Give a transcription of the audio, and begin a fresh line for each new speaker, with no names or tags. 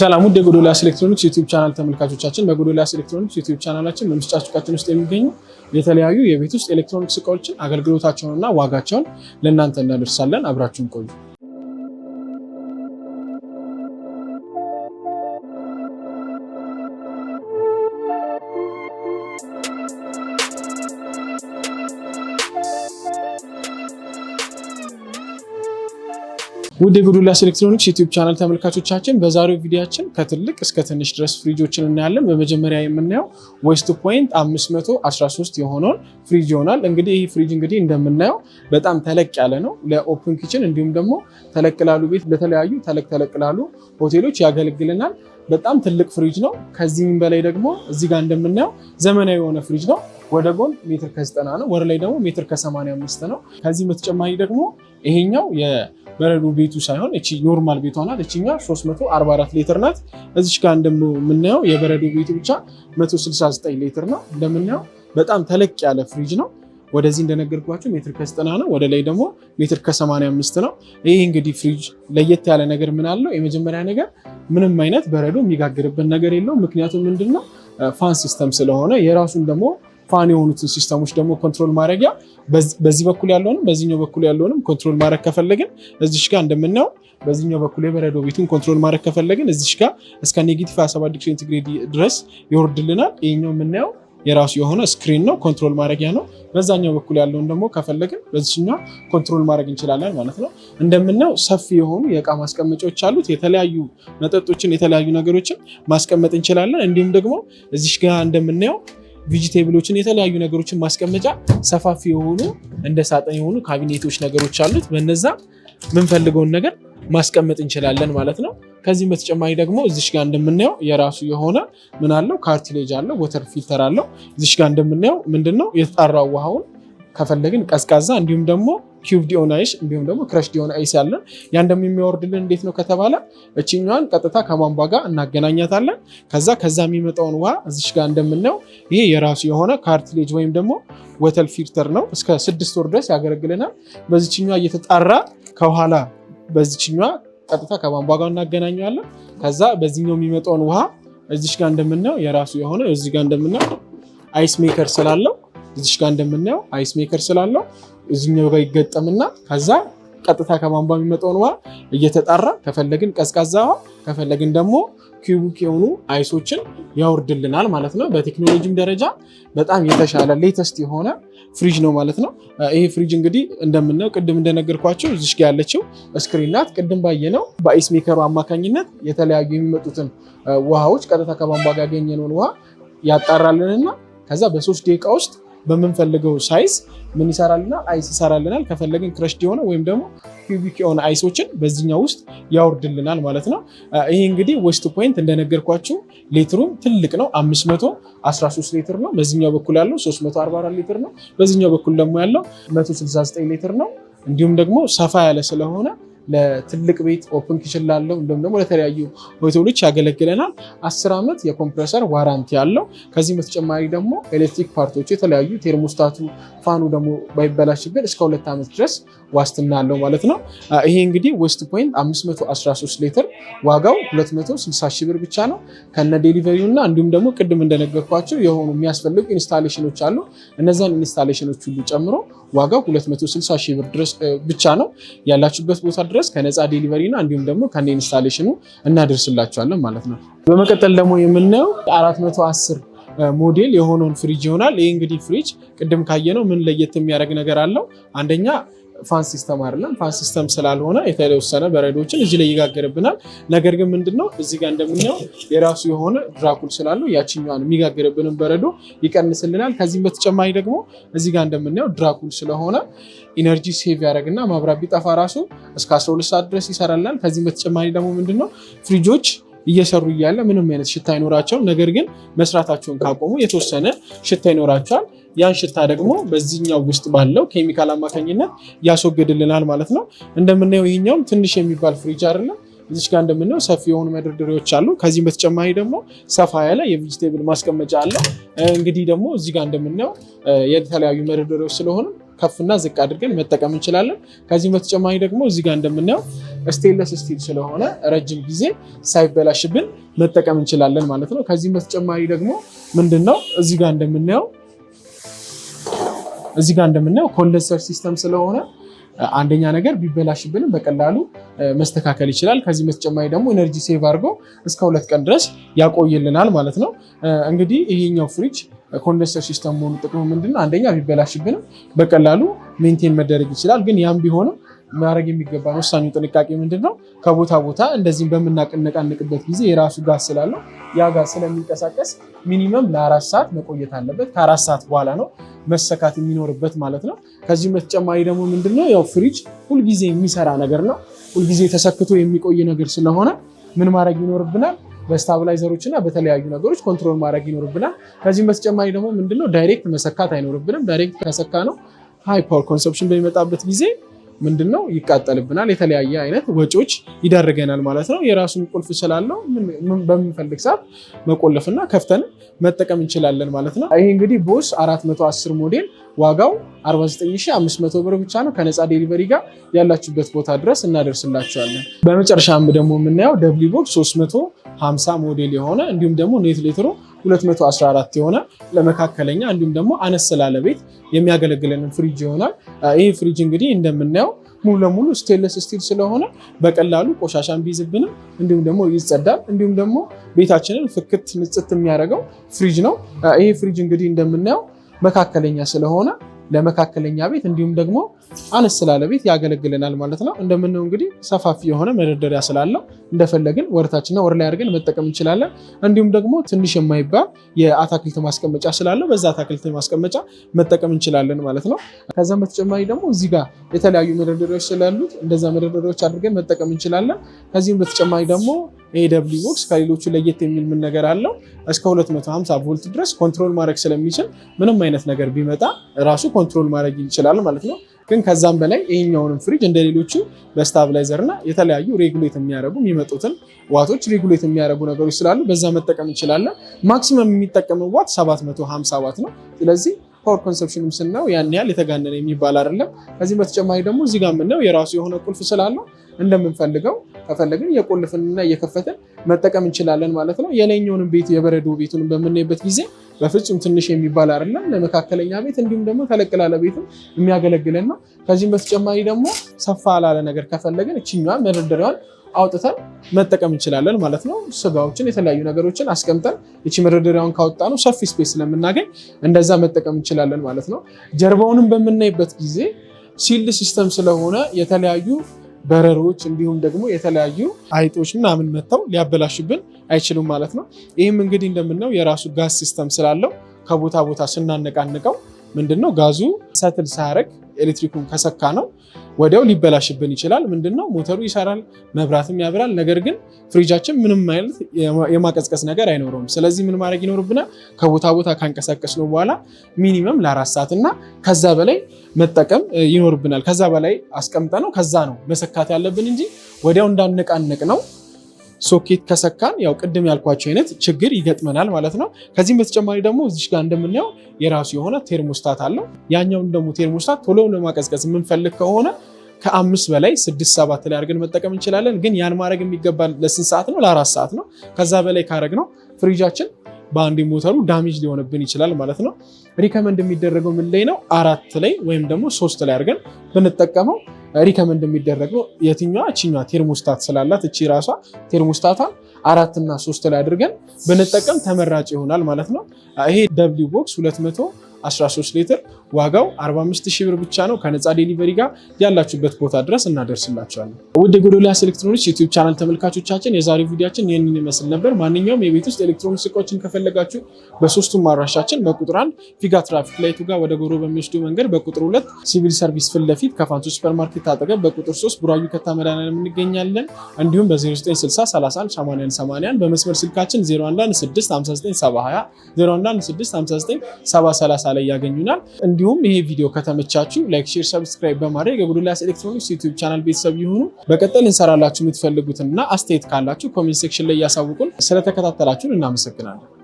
ሰላም ውድ የጎዶልያስ ኤሌክትሮኒክስ ዩቲዩብ ቻናል ተመልካቾቻችን፣ በጎዶልያስ ኤሌክትሮኒክስ ዩቲዩብ ቻናላችን በምስጫ ሱቃችን ውስጥ የሚገኙ የተለያዩ የቤት ውስጥ ኤሌክትሮኒክስ እቃዎችን አገልግሎታቸውንና ዋጋቸውን ለእናንተ እናደርሳለን። አብራችሁን ቆዩ። ውድ ጉዱላስ ኤሌክትሮኒክስ ዩቲዩብ ቻናል ተመልካቾቻችን በዛሬው ቪዲያችን ከትልቅ እስከ ትንሽ ድረስ ፍሪጆችን እናያለን። በመጀመሪያ የምናየው ዌስት ፖይንት 513 የሆነውን ፍሪጅ ይሆናል። እንግዲህ ይህ ፍሪጅ እንግዲህ እንደምናየው በጣም ተለቅ ያለ ነው። ለኦፕን ኪችን እንዲሁም ደግሞ ተለቅ ላሉ ቤት ለተለያዩ ተለቅ ተለቅ ላሉ ሆቴሎች ያገለግልናል። በጣም ትልቅ ፍሪጅ ነው። ከዚህም በላይ ደግሞ እዚህ ጋር እንደምናየው ዘመናዊ የሆነ ፍሪጅ ነው። ወደ ጎን ሜትር ከ90 ነው። ወደ ላይ ደግሞ ሜትር ከ85 ነው። ከዚህም በተጨማሪ ደግሞ ይሄኛው የበረዶ ቤቱ ሳይሆን እቺ ኖርማል ቤቷ ናት። እቺኛ 344 ሊትር ናት። እዚች ጋር የምናየው የበረዶ ቤቱ ብቻ 169 ሊትር ነው። እንደምናየው በጣም ተለቅ ያለ ፍሪጅ ነው። ወደዚህ እንደነገርኳችሁ ሜትር ከዘጠና ነው። ወደ ላይ ደግሞ ሜትር ከሰማንያ አምስት ነው። ይህ እንግዲህ ፍሪጅ ለየት ያለ ነገር ምን አለው? የመጀመሪያ ነገር ምንም አይነት በረዶ የሚጋግርበት ነገር የለው። ምክንያቱም ምንድነው ፋን ሲስተም ስለሆነ የራሱን ደግሞ ፋን የሆኑትን ሲስተሞች ደግሞ ኮንትሮል ማድረጊያ በዚህ በኩል ያለውንም በዚህኛው በኩል ያለውንም ኮንትሮል ማድረግ ከፈለግን እዚሽ ጋር እንደምናየው በዚህኛው በኩል የበረዶ ቤቱን ኮንትሮል ማድረግ ከፈለግን እዚሽ ጋር እስከ ኔጌቲቭ 27 ዲግሪ ሴንቲግሬድ ድረስ ይወርድልናል። ይህኛው የምናየው የራሱ የሆነ ስክሪን ነው፣ ኮንትሮል ማድረጊያ ነው። በዛኛው በኩል ያለውን ደግሞ ከፈለግን በዚህኛው ኮንትሮል ማድረግ እንችላለን ማለት ነው። እንደምናየው ሰፊ የሆኑ የእቃ ማስቀመጫዎች አሉት። የተለያዩ መጠጦችን፣ የተለያዩ ነገሮችን ማስቀመጥ እንችላለን። እንዲሁም ደግሞ እዚሽ ጋር እንደምናየው ቪጂቴብሎችን የተለያዩ ነገሮችን ማስቀመጫ ሰፋፊ የሆኑ እንደ ሳጥን የሆኑ ካቢኔቶች ነገሮች አሉት። በነዛ የምንፈልገውን ነገር ማስቀመጥ እንችላለን ማለት ነው። ከዚህም በተጨማሪ ደግሞ እዚሽ ጋር እንደምናየው የራሱ የሆነ ምን አለው ካርቲሌጅ አለው፣ ወተር ፊልተር አለው። እዚሽ ጋር እንደምናየው ምንድነው የተጣራ ውሃውን ከፈለግን ቀዝቃዛ እንዲሁም ደግሞ ኪዩብድ የሆነ እንዲሁም ደግሞ ክረሽ የሆነ አይስ ያለን ያን ደግሞ የሚያወርድልን እንዴት ነው ከተባለ እችኛዋን ቀጥታ ከማንቧ ጋር እናገናኛታለን። ከዛ ከዛ የሚመጣውን ውሃ እዚሽ ጋር እንደምናየው ይሄ የራሱ የሆነ ካርትሌጅ ወይም ደግሞ ወተል ፊልተር ነው። እስከ ስድስት ወር ድረስ ያገለግልናል። በዚችኛ እየተጣራ ከኋላ በዚችኛ ቀጥታ ከማንቧ ጋር እናገናኘዋለን። ከዛ በዚኛው የሚመጣውን ውሃ እዚሽ ጋር እንደምናየው የራሱ የሆነ እዚህ ጋር እንደምናየው አይስ ሜከር ስላለው እዚሽ ጋር እንደምናየው አይስ ሜከር ስላለው እዚኛው ጋር ይገጠምና ከዛ ቀጥታ ከቧንቧ የሚመጣውን ውሃ እየተጣራ ከፈለግን ቀዝቃዛ ውሃ ከፈለግን ደግሞ ኪዩቢክ የሆኑ አይሶችን ያወርድልናል ማለት ነው። በቴክኖሎጂም ደረጃ በጣም የተሻለ ሌተስት የሆነ ፍሪጅ ነው ማለት ነው። ይሄ ፍሪጅ እንግዲህ እንደምናየው ቅድም እንደነገርኳቸው እዚሽ ጋ ያለችው ስክሪን ናት። ቅድም ባየነው በአይስ ሜከሩ አማካኝነት የተለያዩ የሚመጡትን ውሃዎች ቀጥታ ከቧንቧ ጋር ያገኘነውን ውሃ ያጣራልንና ከዛ በሶስት ደቂቃ ውስጥ በምንፈልገው ሳይዝ ምን ይሰራልናል? አይስ ይሰራልናል። ከፈለግን ክረሽድ የሆነ ወይም ደግሞ ኪዩቢክ የሆነ አይሶችን በዚህኛው ውስጥ ያወርድልናል ማለት ነው። ይሄ እንግዲህ ዌስት ፖይንት እንደነገርኳችሁ ሌትሩም ትልቅ ነው። 513 ሌትር ነው። በዚኛው በኩል ያለው 344 ሊትር ነው። በዚኛው በኩል ደግሞ ያለው 169 ሌትር ነው። እንዲሁም ደግሞ ሰፋ ያለ ስለሆነ ለትልቅ ቤት ኦፕን ኪችን ላለው እንዲሁም ደግሞ ለተለያዩ ሆቴሎች ያገለግለናል። አስር ዓመት የኮምፕረሰር ዋራንቲ አለው ከዚህም በተጨማሪ ደግሞ ኤሌክትሪክ ፓርቶች የተለያዩ ቴርሞስታቱ፣ ፋኑ ደግሞ ባይበላሽብን እስከ ሁለት ዓመት ድረስ ዋስትና አለው ማለት ነው። ይሄ እንግዲህ ዌስት ፖይንት 513 ሊትር ዋጋው 260 ሺህ ብር ብቻ ነው ከነ ዴሊቨሪው እና እንዲሁም ደግሞ ቅድም እንደነገርኳቸው የሆኑ የሚያስፈልጉ ኢንስታሌሽኖች አሉ እነዚያን ኢንስታሌሽኖች ሁሉ ጨምሮ ዋጋው 260 ሺህ ብር ድረስ ብቻ ነው። ያላችሁበት ቦታ ድረስ ከነፃ ዴሊቨሪ እና እንዲሁም ደግሞ ከነ ኢንስታሌሽኑ እናደርስላችኋለን ማለት ነው። በመቀጠል ደግሞ የምናየው 410 ሞዴል የሆነውን ፍሪጅ ይሆናል። ይህ እንግዲህ ፍሪጅ ቅድም ካየነው ምን ለየት የሚያደርግ ነገር አለው? አንደኛ ፋን ሲስተም አይደለም። ፋን ሲስተም ስላልሆነ የተወሰነ በረዶችን እዚህ ላይ ይጋገርብናል። ነገር ግን ምንድነው እዚህ ጋር እንደምናየው የራሱ የሆነ ድራኩል ስላለው ያችኛዋን የሚጋገርብንን በረዶ ይቀንስልናል። ከዚህም በተጨማሪ ደግሞ እዚህ ጋር እንደምናየው ድራኩል ስለሆነ ኢነርጂ ሴቭ ያደረግና ማብራት ቢጠፋ ራሱ እስከ 12 ሰዓት ድረስ ይሰራልናል። ከዚህም በተጨማሪ ደግሞ ምንድነው ፍሪጆች እየሰሩ እያለ ምንም አይነት ሽታ አይኖራቸውም። ነገር ግን መስራታቸውን ካቆሙ የተወሰነ ሽታ ይኖራቸዋል። ያን ሽታ ደግሞ በዚህኛው ውስጥ ባለው ኬሚካል አማካኝነት ያስወግድልናል ማለት ነው። እንደምናየው ይህኛውም ትንሽ የሚባል ፍሪጅ አይደለም። እዚች ጋር እንደምናየው ሰፊ የሆኑ መደርደሪያዎች አሉ። ከዚህም በተጨማሪ ደግሞ ሰፋ ያለ የቬጅቴብል ማስቀመጫ አለ። እንግዲህ ደግሞ እዚህ ጋር እንደምናየው የተለያዩ መደርደሪያዎች ስለሆኑ ከፍና ዝቅ አድርገን መጠቀም እንችላለን። ከዚህም በተጨማሪ ደግሞ እዚህ ጋር እንደምናየው ስቴንለስ ስቲል ስለሆነ ረጅም ጊዜ ሳይበላሽብን መጠቀም እንችላለን ማለት ነው። ከዚህም በተጨማሪ ደግሞ ምንድን ነው እዚህ ጋር እንደምናየው እዚህ ጋር እንደምናየው ኮንደንሰር ሲስተም ስለሆነ አንደኛ ነገር ቢበላሽብንም በቀላሉ መስተካከል ይችላል። ከዚህ በተጨማሪ ደግሞ ኤነርጂ ሴቭ አድርጎ እስከ ሁለት ቀን ድረስ ያቆይልናል ማለት ነው። እንግዲህ ይሄኛው ፍሪጅ ኮንደንሰር ሲስተም መሆኑ ጥቅሙ ምንድን ነው? አንደኛ ቢበላሽብንም በቀላሉ ሜንቴን መደረግ ይችላል። ግን ያም ቢሆንም ማድረግ የሚገባን ወሳኙ ጥንቃቄ ምንድን ነው? ከቦታ ቦታ እንደዚህም በምናቀነቃንቅበት ጊዜ የራሱ ጋዝ ስላለው ያ ጋዝ ስለሚንቀሳቀስ ሚኒመም ለአራት ሰዓት መቆየት አለበት። ከአራት ሰዓት በኋላ ነው መሰካት የሚኖርበት ማለት ነው። ከዚህም በተጨማሪ ደግሞ ምንድነው ያው ፍሪጅ ሁልጊዜ የሚሰራ ነገር ነው። ሁልጊዜ ተሰክቶ የሚቆይ ነገር ስለሆነ ምን ማድረግ ይኖርብናል? በስታብላይዘሮች እና በተለያዩ ነገሮች ኮንትሮል ማድረግ ይኖርብናል። ከዚህም በተጨማሪ ደግሞ ምንድነው ዳይሬክት መሰካት አይኖርብንም። ዳይሬክት ከሰካ ነው ሃይ ፓወር ኮንሰፕሽን በሚመጣበት ጊዜ ምንድን ነው ይቃጠልብናል፣ የተለያየ አይነት ወጪዎች ይዳርገናል ማለት ነው። የራሱን ቁልፍ ስላለው በምንፈልግ ሰዓት መቆለፍና ከፍተን መጠቀም እንችላለን ማለት ነው። ይሄ እንግዲህ ቦስ 410 ሞዴል ዋጋው 49500 ብር ብቻ ነው። ከነፃ ዴሊቨሪ ጋር ያላችሁበት ቦታ ድረስ እናደርስላችኋለን። በመጨረሻም ደግሞ የምናየው ደብሊ ቦክስ 350 ሞዴል የሆነ እንዲሁም ደግሞ ኔት ሌትሮ 214 የሆነ ለመካከለኛ እንዲሁም ደግሞ አነስ ስላለ ቤት የሚያገለግለንን ፍሪጅ ይሆናል። ይሄ ፍሪጅ እንግዲህ እንደምናየው ሙሉ ለሙሉ ስቴንለስ ስቲል ስለሆነ በቀላሉ ቆሻሻን ቢይዝብንም እንዲሁም ደግሞ ይጸዳል። እንዲሁም ደግሞ ቤታችንን ፍክት ንጽት የሚያደርገው ፍሪጅ ነው። ይሄ ፍሪጅ እንግዲህ እንደምናየው መካከለኛ ስለሆነ ለመካከለኛ ቤት እንዲሁም ደግሞ አነስ ስላለ ቤት ያገለግለናል ማለት ነው። እንደምንው እንግዲህ ሰፋፊ የሆነ መደርደሪያ ስላለው እንደፈለግን ወርታችንና ወር ላይ አድርገን መጠቀም እንችላለን። እንዲሁም ደግሞ ትንሽ የማይባል የአታክልት ማስቀመጫ ስላለው በዛ አታክልት ማስቀመጫ መጠቀም እንችላለን ማለት ነው። ከዛም በተጨማሪ ደግሞ እዚህ ጋር የተለያዩ መደርደሪያዎች ስላሉት እንደዛ መደርደሪያዎች አድርገን መጠቀም እንችላለን። ከዚህም በተጨማሪ ደግሞ ኤደብሊው ቦክስ ከሌሎቹ ለየት የሚል ምን ነገር አለው? እስከ 250 ቮልት ድረስ ኮንትሮል ማድረግ ስለሚችል ምንም አይነት ነገር ቢመጣ ራሱ ኮንትሮል ማድረግ ይችላል ማለት ነው። ግን ከዛም በላይ ይሄኛውንም ፍሪጅ እንደ ሌሎቹ በስታብላይዘር እና የተለያዩ ሬጉሌት የሚያደርጉ የሚመጡትን ዋቶች ሬጉሌት የሚያደርጉ ነገሮች ስላሉ በዛ መጠቀም እንችላለን። ማክሲመም የሚጠቀመው ዋት 750 ዋት ነው። ስለዚህ ፓወር ኮንሰፕሽንም ስናየው ያን ያህል የተጋነነ የሚባል አይደለም። ከዚህም በተጨማሪ ደግሞ እዚህ ጋር የምናየው የራሱ የሆነ ቁልፍ ስላለው እንደምንፈልገው ከፈለግን እየቆልፍንና እየከፈትን መጠቀም እንችላለን ማለት ነው። የላይኛውንም ቤት የበረዶ ቤቱን በምናይበት ጊዜ በፍጹም ትንሽ የሚባል አይደለም። ለመካከለኛ ቤት እንዲሁም ደግሞ ተለቅ ላለ ቤትም የሚያገለግለን ነው። ከዚህም በተጨማሪ ደግሞ ሰፋ ላለ ነገር ከፈለግን እችኛዋን መደርደሪያዋን አውጥተን መጠቀም እንችላለን ማለት ነው። ስጋዎችን፣ የተለያዩ ነገሮችን አስቀምጠን እቺ መደርደሪያውን ካወጣ ነው ሰፊ ስፔስ ስለምናገኝ እንደዛ መጠቀም እንችላለን ማለት ነው። ጀርባውንም በምናይበት ጊዜ ሲልድ ሲስተም ስለሆነ የተለያዩ በረሮች እንዲሁም ደግሞ የተለያዩ አይጦች ምናምን መጥተው ሊያበላሽብን አይችሉም ማለት ነው። ይህም እንግዲህ እንደምናየው የራሱ ጋዝ ሲስተም ስላለው ከቦታ ቦታ ስናነቃንቀው ምንድነው ጋዙ ሰትል ሳያደርግ ኤሌክትሪኩን ከሰካ ነው ወዲያው ሊበላሽብን ይችላል። ምንድነው ሞተሩ ይሰራል፣ መብራትም ያብራል። ነገር ግን ፍሪጃችን ምንም አይነት የማቀዝቀዝ ነገር አይኖረውም። ስለዚህ ምን ማድረግ ይኖርብናል? ከቦታ ቦታ ካንቀሳቀስ ነው በኋላ ሚኒመም ለአራት ሰዓት እና ከዛ በላይ መጠቀም ይኖርብናል። ከዛ በላይ አስቀምጠ ነው ከዛ ነው መሰካት ያለብን እንጂ ወዲያው እንዳነቃነቅ ነው ሶኬት ከሰካን ያው ቅድም ያልኳቸው አይነት ችግር ይገጥመናል ማለት ነው። ከዚህም በተጨማሪ ደግሞ እዚች ጋር እንደምናየው የራሱ የሆነ ቴርሞስታት አለው። ያኛውን ደግሞ ቴርሞስታት ቶሎ ለማቀዝቀዝ የምንፈልግ ከሆነ ከአምስት በላይ ስድስት ሰባት ላይ አድርገን መጠቀም እንችላለን። ግን ያን ማድረግ የሚገባ ለስንት ሰዓት ነው? ለአራት ሰዓት ነው። ከዛ በላይ ካረግ ነው ፍሪጃችን በአንድ ሞተሩ ዳሜጅ ሊሆንብን ይችላል ማለት ነው። ሪከመንድ የሚደረገው ምን ላይ ነው? አራት ላይ ወይም ደግሞ ሶስት ላይ አድርገን ብንጠቀመው ሪከመንድ የሚደረገው የትኛዋ እችኛ ቴርሞስታት ስላላት እቺ ራሷ ቴርሞስታቷን አራትና ሶስት ላይ አድርገን ብንጠቀም ተመራጭ ይሆናል ማለት ነው። ይሄ ደብሊው ቦክስ 200 13 ሊትር ዋጋው 45 ሺህ ብር ብቻ ነው። ከነፃ ዴሊቨሪ ጋር ያላችሁበት ቦታ ድረስ እናደርስላችኋለን። ውድ የጎዶልያስ ኤሌክትሮኒክስ ዩቲዩብ ቻናል ተመልካቾቻችን የዛሬ ቪዲዮችን ይህንን ይመስል ነበር። ማንኛውም የቤት ውስጥ ኤሌክትሮኒክስ እቃዎችን ከፈለጋችሁ በሶስቱም አድራሻችን በቁጥር አንድ ፊጋ ትራፊክ ላይቱ ጋር ወደ ጎሮ በሚወስዱ መንገድ፣ በቁጥር ሁለት ሲቪል ሰርቪስ ፊት ለፊት ከፋንቱ ማርኬት አጠገብ፣ በቁጥር ሶስት ቡራዩ ከታመዳናን እንገኛለን። እንዲሁም በ0960318181 በመስመር ስልካችን 0116597020 0116597030 ላይ ያገኙናል። እንዲሁም ይሄ ቪዲዮ ከተመቻችሁ ላይክ፣ ሼር፣ ሰብስክራይብ በማድረግ የጉዱላስ ኤሌክትሮኒክስ ዩቲዩብ ቻናል ቤተሰብ ይሁኑ። በቀጠል እንሰራላችሁ የምትፈልጉትን እና አስተያየት ካላችሁ ኮሜንት ሴክሽን ላይ እያሳውቁን። ስለተከታተላችሁን እናመሰግናለን።